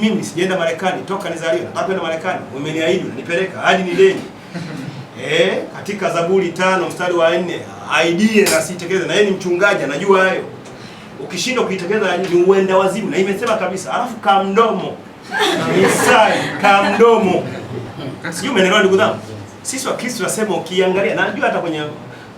mimi sijaenda Marekani toka nizaliwa, nataka kwenda Marekani, umeniahidi unanipeleka hadi ni leni. Eh, katika Zaburi tano mstari wa nne aidie na sitekeleze, na yeye ni mchungaji anajua hayo. Ukishindwa kuitekeleza ni uenda wazimu, na imesema kabisa. Alafu ka mdomo kamdomo ka mdomo, sijui umeelewa ndugu zangu. Sisi wa Kristo tunasema ukiangalia, na najua hata kwenye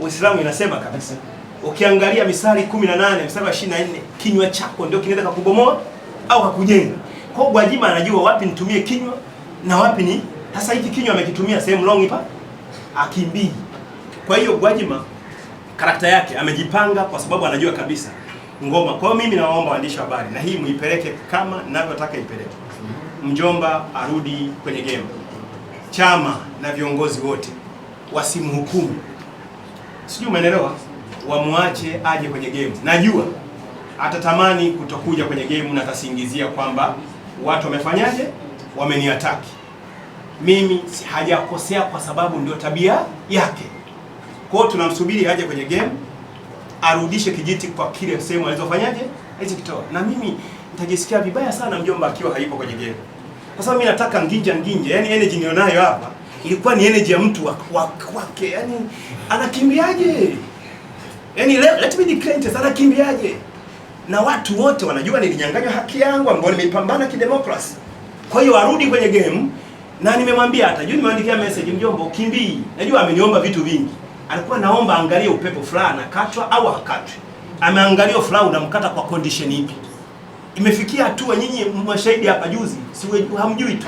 Uislamu inasema kabisa, ukiangalia misali 18 mstari wa 24, kinywa chako ndio kinaweza kukubomoa au kukujenga. Kwa hiyo Gwajima anajua wapi nitumie kinywa na wapi ni sasa. Hiki kinywa amekitumia sehemu wrong ipa akimbii. Kwa hiyo Gwajima karakta yake amejipanga, kwa sababu anajua kabisa ngoma. Kwa hiyo mimi nawaomba waandishi wa habari, na hii muipeleke kama ninavyotaka ipeleke, mjomba arudi kwenye game. Chama na viongozi wote wasimhukumu, sijui umeelewa, wamwache aje kwenye game. Najua atatamani kutokuja kwenye game na atasingizia kwamba watu wamefanyaje? Wameniataki mimi, hajakosea kwa sababu ndio tabia yake. Kwa hiyo tunamsubiri aje kwenye game arudishe kijiti kwa kile sehemu alizofanyaje kitoa, na mimi nitajisikia vibaya sana mjomba akiwa haipo kwenye game, kwa sababu mimi nataka nginja nginja. Yani energy nilionayo hapa ilikuwa ni energy ya mtu wake wak, yani anakimbiaje? Yani let, let me declare, anakimbiaje? na watu wote wanajua nilinyang'anywa haki yangu ambayo nimeipambana kidemokrasi. Kwa hiyo arudi kwenye game na nimemwambia hata juu nimeandikia message mjomba, ukimbii. Najua ameniomba vitu vingi. Alikuwa naomba angalie upepo fulani nakatwa au hakatwi. Ameangalia fulani unamkata kwa condition ipi? Imefikia hatua nyinyi mwashahidi hapa juzi, si hamjui tu.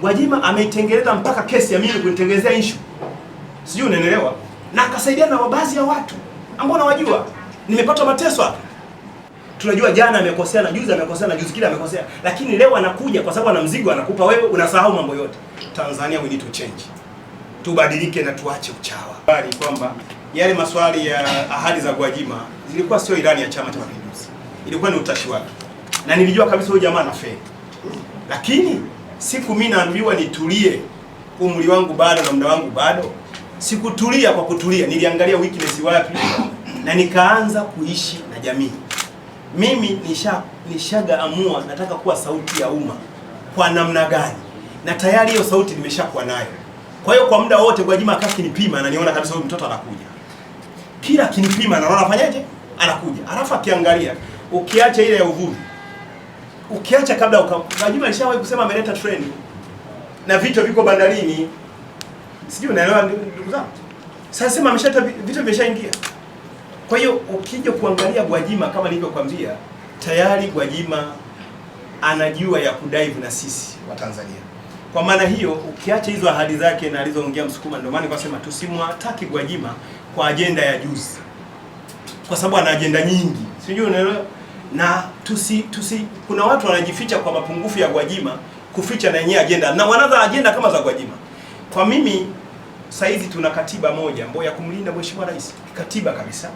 Gwajima ameitengeneza mpaka kesi ya mimi kunitengenezea issue. Sijui unaelewa? Na akasaidia na baadhi ya watu ambao nawajua. Nimepata mateso hapa tunajua jana amekosea na juzi amekosea na juzi kile amekosea, lakini leo anakuja kwa sababu ana mzigo, anakupa wewe, unasahau mambo yote. Tanzania, we need to change, tubadilike na tuache uchawa. Bali kwamba yale maswali ya ahadi za Gwajima zilikuwa sio ilani ya Chama cha Mapinduzi, ilikuwa ni utashi wake, na nilijua kabisa huyu jamaa anafeli, lakini siku mimi naambiwa nitulie, umri wangu bado na muda wangu bado, sikutulia. Kwa kutulia, niliangalia weakness wapi na nikaanza kuishi na jamii mimi nisha nishagaamua nataka kuwa sauti ya umma kwa namna gani, na tayari hiyo sauti nimeshakuwa nayo. Kwa hiyo kwa muda wote Gwajima akaa kinipima, ananiona kabisa huyu mtoto anakuja, kila kinipima naona anafanyaje, anakuja. Alafu akiangalia, ukiacha ile ya uvuvi, ukiacha kabla uka, Gwajima alishawahi kusema ameleta treni na vitu viko bandarini, sijui unaelewa ndugu zangu. Sasa sema ameshata vitu vimeshaingia kwa hiyo ukija kuangalia Gwajima kama nilivyokuambia, tayari Gwajima anajua ya kudaivu na sisi Watanzania. Kwa maana hiyo, ukiacha hizo ahadi zake na alizoongea Msukuma, ndio maana nikasema tusimwataki Gwajima kwa ajenda ya juzi, kwa sababu ana ajenda nyingi, sijui unaelewa na tusi, tusi kuna watu wanajificha kwa mapungufu ya Gwajima kuficha na yenyewe ajenda na wanaza ajenda kama za Gwajima. Kwa mimi saizi tuna katiba moja ambayo ya kumlinda mheshimiwa rais, katiba kabisa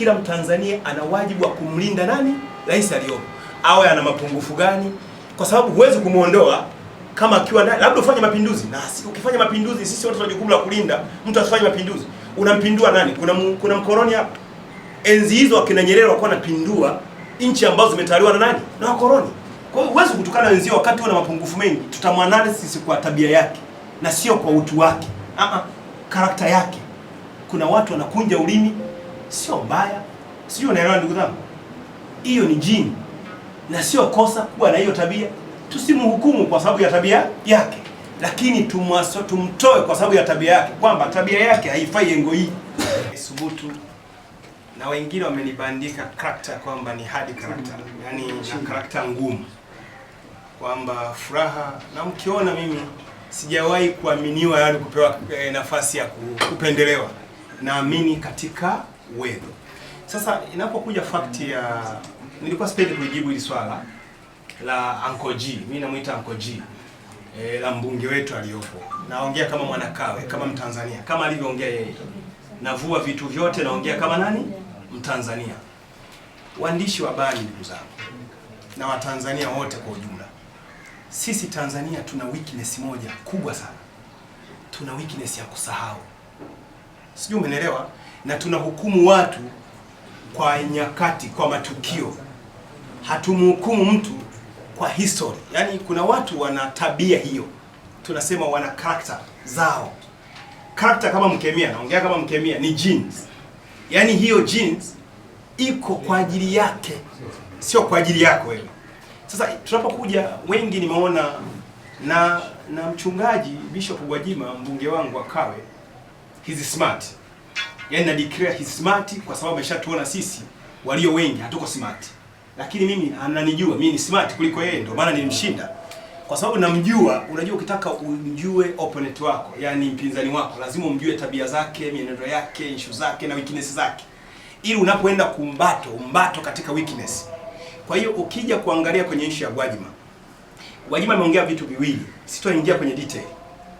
kila Mtanzania ana wajibu wa kumlinda nani, rais aliyopo, awe ana mapungufu gani, kwa sababu huwezi kumwondoa kama akiwa ndani, labda ufanye mapinduzi na ukifanya mapinduzi, sisi wote tuna jukumu la kulinda. Mtu asifanye mapinduzi, unampindua nani? Kuna kuna mkoloni hapa. Enzi hizo akina Nyerere walikuwa wanapindua nchi ambazo zimetawaliwa na nani? Na wakoloni. Kwa hiyo huwezi kutukana wenzio wakati una mapungufu mengi. Tutamwanana sisi kwa tabia yake na sio kwa utu wake, a karakta yake. Kuna watu wanakunja ulimi sio mbaya, sio unaelewa ndugu zangu, hiyo ni jini na sio kosa kuwa na hiyo tabia. Tusimhukumu kwa sababu ya tabia yake, lakini tumwaso, tumtoe kwa sababu ya tabia yake, kwamba tabia yake haifai engo hii subutu na wengine wamenibandika karakta kwamba ni hard karakta, yani na karakta ngumu, kwamba Furaha na mkiona mimi sijawahi kuaminiwa, yani kupewa eh, nafasi ya kupendelewa, naamini katika uwezo. Sasa inapokuja fact ya nilikuwa sipendi kujibu hili swala la Uncle G, mimi namuita Uncle G e, la mbunge wetu aliyopo. Naongea kama mwanakawe, kama Mtanzania, kama alivyoongea yeye. Navua vitu vyote, naongea kama nani? Mtanzania. Waandishi wa habari ndugu zangu na Watanzania wote kwa ujumla, sisi Tanzania tuna weakness moja kubwa sana, tuna weakness ya kusahau. Sijui umenielewa? na tunahukumu watu kwa nyakati, kwa matukio. Hatumhukumu mtu kwa history. Yaani kuna watu wana tabia hiyo, tunasema wana character zao. Character kama mkemia, naongea kama mkemia, ni genes. Yaani hiyo genes iko kwa ajili yake, sio kwa ajili yako wewe. Sasa tunapokuja wengi, nimeona na na mchungaji Bishop Gwajima, mbunge wangu wa Kawe, he's smart yani na declare his smart kwa sababu ameshatuona sisi walio wengi hatuko smart, lakini mimi ananijua mimi ni smart kuliko yeye, ndio maana nilimshinda kwa sababu namjua. Unajua, ukitaka umjue opponent wako, yani mpinzani wako, lazima umjue tabia zake, mienendo yake, issue zake na weakness zake, ili unapoenda kumbato umbato katika weakness. Kwa hiyo ukija kuangalia kwenye issue ya Gwajima, Gwajima ameongea vitu viwili, sitoingia kwenye detail,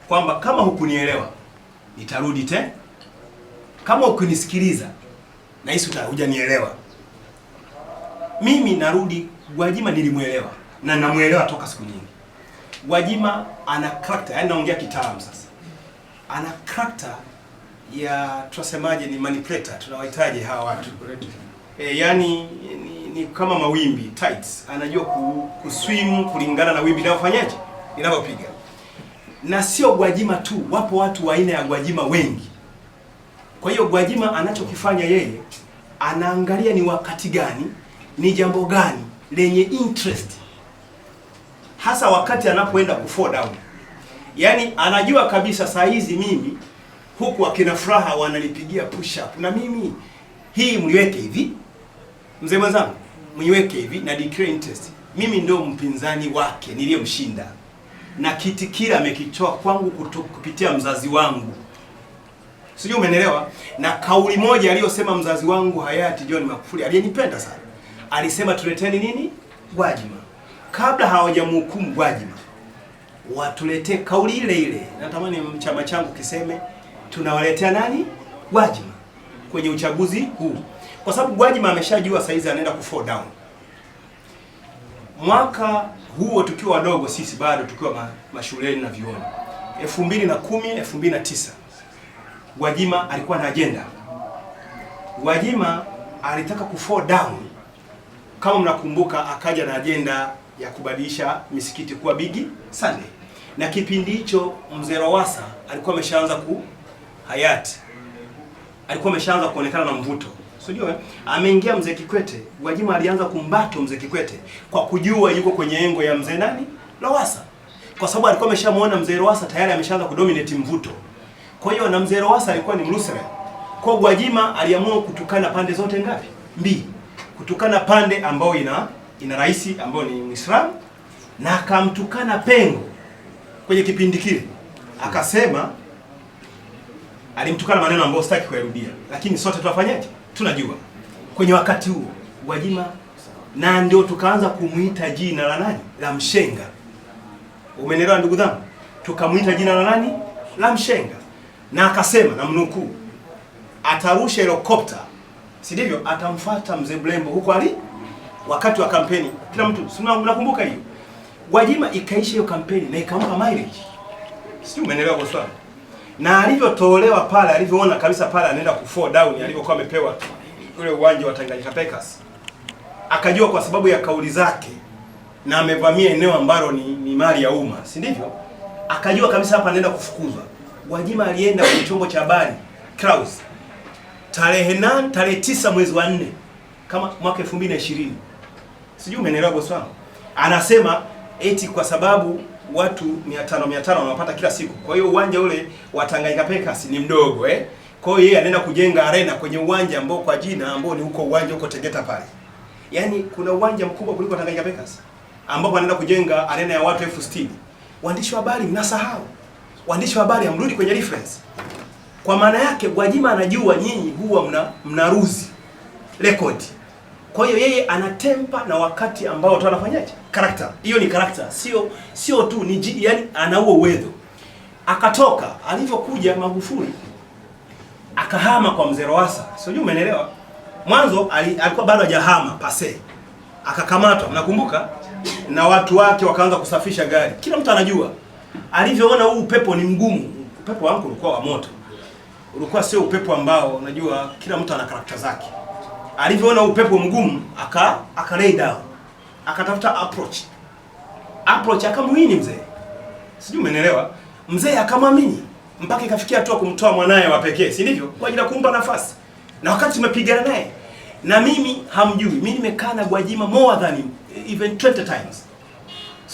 kwamba kama hukunielewa nitarudi tena kama ukinisikiliza na hisi hujanielewa. Mimi narudi Gwajima, nilimwelewa na namuelewa toka siku nyingi. Gwajima ana character, yani naongea kitaalamu sasa. Ana character ya tunasemaje, ni manipulator, tunawahitaji hawa watu. E, yani ni, ni kama mawimbi tides, anajua ku, kuswim kulingana na wimbi linalofanyaje, linalopiga. Na sio Gwajima tu, wapo watu wa aina ya Gwajima wengi kwa hiyo Gwajima anachokifanya yeye anaangalia ni wakati gani, ni jambo gani lenye interest hasa wakati anapoenda fall down. Yaani anajua kabisa saa hizi mimi huku akina Furaha wananipigia push up na mimi hii mniweke hivi, mzee mwenzangu mniweke hivi na declare interest. Mimi ndio mpinzani wake niliyemshinda na kiti kile amekitoa kwangu kupitia mzazi wangu. Sijui umeelewa? Na kauli moja aliyosema mzazi wangu hayati John Magufuli aliyenipenda sana, alisema tuleteni nini Gwajima. Kabla hawajamhukumu Gwajima, watuletee kauli ile ile. Natamani chama changu kiseme tunawaletea nani Gwajima kwenye uchaguzi huu, kwa sababu Gwajima ameshajua saizi anaenda ku fall down. Mwaka huo tukiwa wadogo sisi bado tukiwa mashuleni na vyuoni 2010 2009 Gwajima alikuwa na agenda. Gwajima alitaka fall down, kama mnakumbuka, akaja na ajenda ya kubadilisha misikiti kuwa Big Sunday, na kipindi hicho mzee Lowassa alikuwa ameshaanza ku hayati alikuwa ameshaanza kuonekana na mvuto, sijui eh? ameingia mzee Kikwete. Gwajima alianza kumbato mzee Kikwete kwa kujua yuko kwenye engo ya mzee nani Lowassa, kwa sababu alikuwa ameshamuona mzee Lowassa tayari ameshaanza kudominate mvuto. Kwa hiyo na mzee Lowassa alikuwa ni Mlusra. Kwa Gwajima aliamua kutukana pande zote ngapi? Mbili. Kutukana pande ambayo ina ina rais ambayo ni Muislamu na akamtukana Pengo kwenye kipindi kile. Akasema alimtukana maneno ambayo sitaki kuyarudia, lakini sote tunafanyaje? Tunajua. Kwenye wakati huo Gwajima na ndio tukaanza kumuita jina la nani? La mshenga. Umenielewa ndugu zangu? Tukamuita jina la nani? La mshenga na akasema, na namnukuu, atarusha helikopta, si ndivyo, atamfuata mzee Bulembo huko ali wakati wa kampeni. Kila mtu mnakumbuka hiyo. Gwajima ikaisha hiyo kampeni na ikampa mileage, si umeelewa kwa swali. Na alivyotolewa pale, alivyoona kabisa pale anaenda ku fall down, alivyokuwa amepewa ule uwanja wa Tanganyika Packers, akajua kwa sababu ya kauli zake na amevamia eneo ambalo ni, ni mali ya umma, si ndivyo? Akajua kabisa hapa anaenda kufukuzwa. Gwajima alienda kwenye chombo cha habari Clouds tarehe nane tarehe tisa mwezi wa nne kama mwaka 2020 sijui umeelewa kwa wangu. Anasema eti kwa sababu watu 500 500 wanapata kila siku, kwa hiyo uwanja ule wa Tanganyika Packers ni mdogo eh. Kwa hiyo yeye anaenda kujenga arena kwenye uwanja ambao kwa jina ambao ni huko uwanja huko Tegeta pale, yaani kuna uwanja mkubwa kuliko Tanganyika Packers ambapo anaenda kujenga arena ya watu elfu sitini. Waandishi wa habari mnasahau waandishi wa habari hamrudi kwenye reference. Kwa maana yake Gwajima anajua nyinyi huwa mna mnaruzi record. Kwa hiyo yeye anatempa na wakati ambao watu wanafanyaje? Hiyo ni character. Sio sio tu ni yani anauo uwezo. Akatoka alivyokuja Magufuli akahama kwa mzee Lowassa. juu umeelewa? Mwanzo alikuwa bado hajahama pase. Akakamatwa, mnakumbuka? Na watu wake wakaanza kusafisha gari. Kila mtu anajua alivyoona huu upepo ni mgumu. Upepo wangu ulikuwa wa moto, ulikuwa sio upepo ambao unajua, kila mtu ana karakta zake. Alivyoona upepo mgumu, aka aka lay down, akatafuta approach approach, akamuini mzee, sijui umeelewa. Mzee akamwamini mpaka ikafikia hatua kumtoa mwanaye wa pekee, si ndivyo, kwa ajili ya kumpa nafasi, na wakati tumepigana naye na mimi hamjui, mimi nimekaa na Gwajima more than even 20 times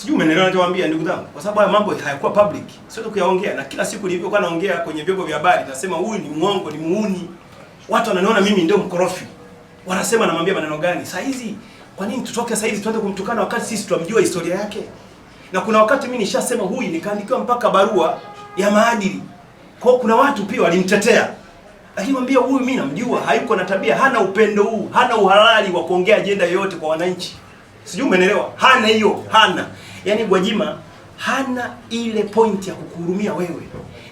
Sijui umeelewa ninachowaambia ndugu zangu, kwa sababu haya mambo hayakuwa public, siwezi kuyaongea, na kila siku nilivyokuwa naongea kwenye vyombo vya habari nasema huyu ni mwongo, ni muuni, watu wananiona mimi ndio mkorofi, wanasema namwambia maneno gani? Saa hizi kwa nini tutoke sasa hizi tuanze kumtukana wakati sisi tunamjua historia yake? Na kuna wakati mimi nishasema huyu, nikaandikiwa mpaka barua ya maadili, kwa kuna watu pia walimtetea, lakini mwambia huyu, mimi namjua, hayuko na tabia, hana upendo huu, hana uhalali wa kuongea ajenda yoyote kwa wananchi. Sijui umeelewa? Hana hiyo, hana. Yaani Gwajima hana ile point ya kukuhurumia wewe.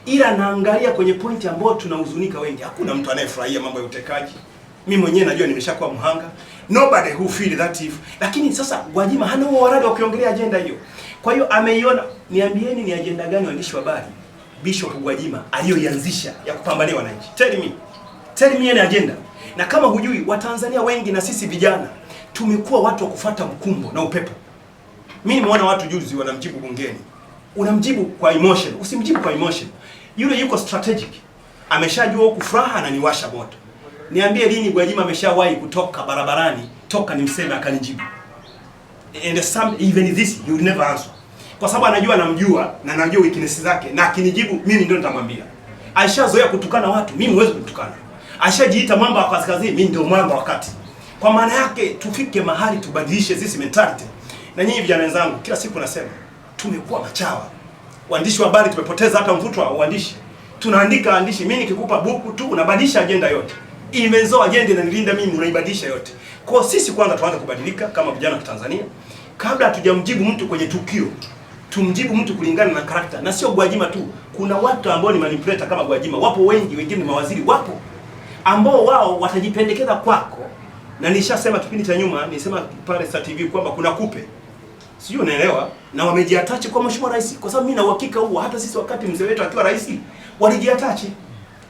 Ila naangalia kwenye point ambayo tunahuzunika wengi. Hakuna mtu anayefurahia mambo ya utekaji. Mimi mwenyewe najua nimeshakuwa mhanga. Nobody who feel that if. Lakini sasa Gwajima hana huo waradi wa kuongelea ajenda hiyo. Kwa hiyo ameiona, niambieni ni ajenda gani waandishi wa habari Bishop Gwajima aliyoianzisha ya kupambania wananchi. Tell me. Tell me any agenda. Na kama hujui Watanzania wengi na sisi vijana tumekuwa watu wa kufuata mkumbo na upepo. Mimi nimeona watu juzi wanamjibu bungeni, unamjibu kwa emotion, usimjibu kwa emotion. Yule yuko strategic, ameshajua huku furaha na niwasha moto. Niambie lini Gwajima ameshawahi kutoka barabarani toka nimseme akanijibu? And some even this you will never answer, kwa sababu anajua, namjua na anajua weakness zake, na akinijibu mimi ndio nitamwambia. Aishazoea kutukana watu, mimi huwezi kutukana. Ashajiita mwamba wa kaskazini, mimi ndio mwamba wa kati. Kwa maana yake tufike mahali tubadilishe sisi mentality. Na nyinyi vijana wenzangu, kila siku nasema tumekuwa machawa. Waandishi wa habari tumepoteza hata mvuto wa uandishi. Tunaandika andishi, mimi nikikupa buku tu unabadilisha ajenda yote. Imezoa ajenda inanilinda mimi, unaibadilisha yote. Kwa sisi kwanza tuanze kubadilika kama vijana wa Tanzania. Kabla hatujamjibu mtu kwenye tukio, tumjibu mtu kulingana na karakta na sio Gwajima tu. Kuna watu ambao ni manipulator kama Gwajima, wapo wengi, wengine ni mawaziri, wapo ambao wao watajipendekeza kwako na nilishasema kipindi cha nyuma, nilisema pale Star TV kwamba kuna kupe, sijui unaelewa, na wamejiatachi kwa mheshimiwa rais, kwa sababu mimi na uhakika huo, hata sisi wakati mzee wetu akiwa rais walijiatachi.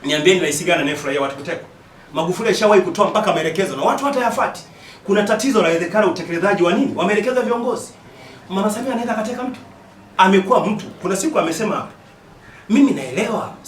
Niambieni rais gani anayefurahia watu kutekwa? Magufuli ashawahi kutoa mpaka maelekezo na watu hata yafati. Kuna tatizo la lawezekana utekelezaji wa nini, wameelekeza viongozi. Mama Samia anaweza akateka mtu, amekuwa mtu, kuna siku amesema hapa, mimi naelewa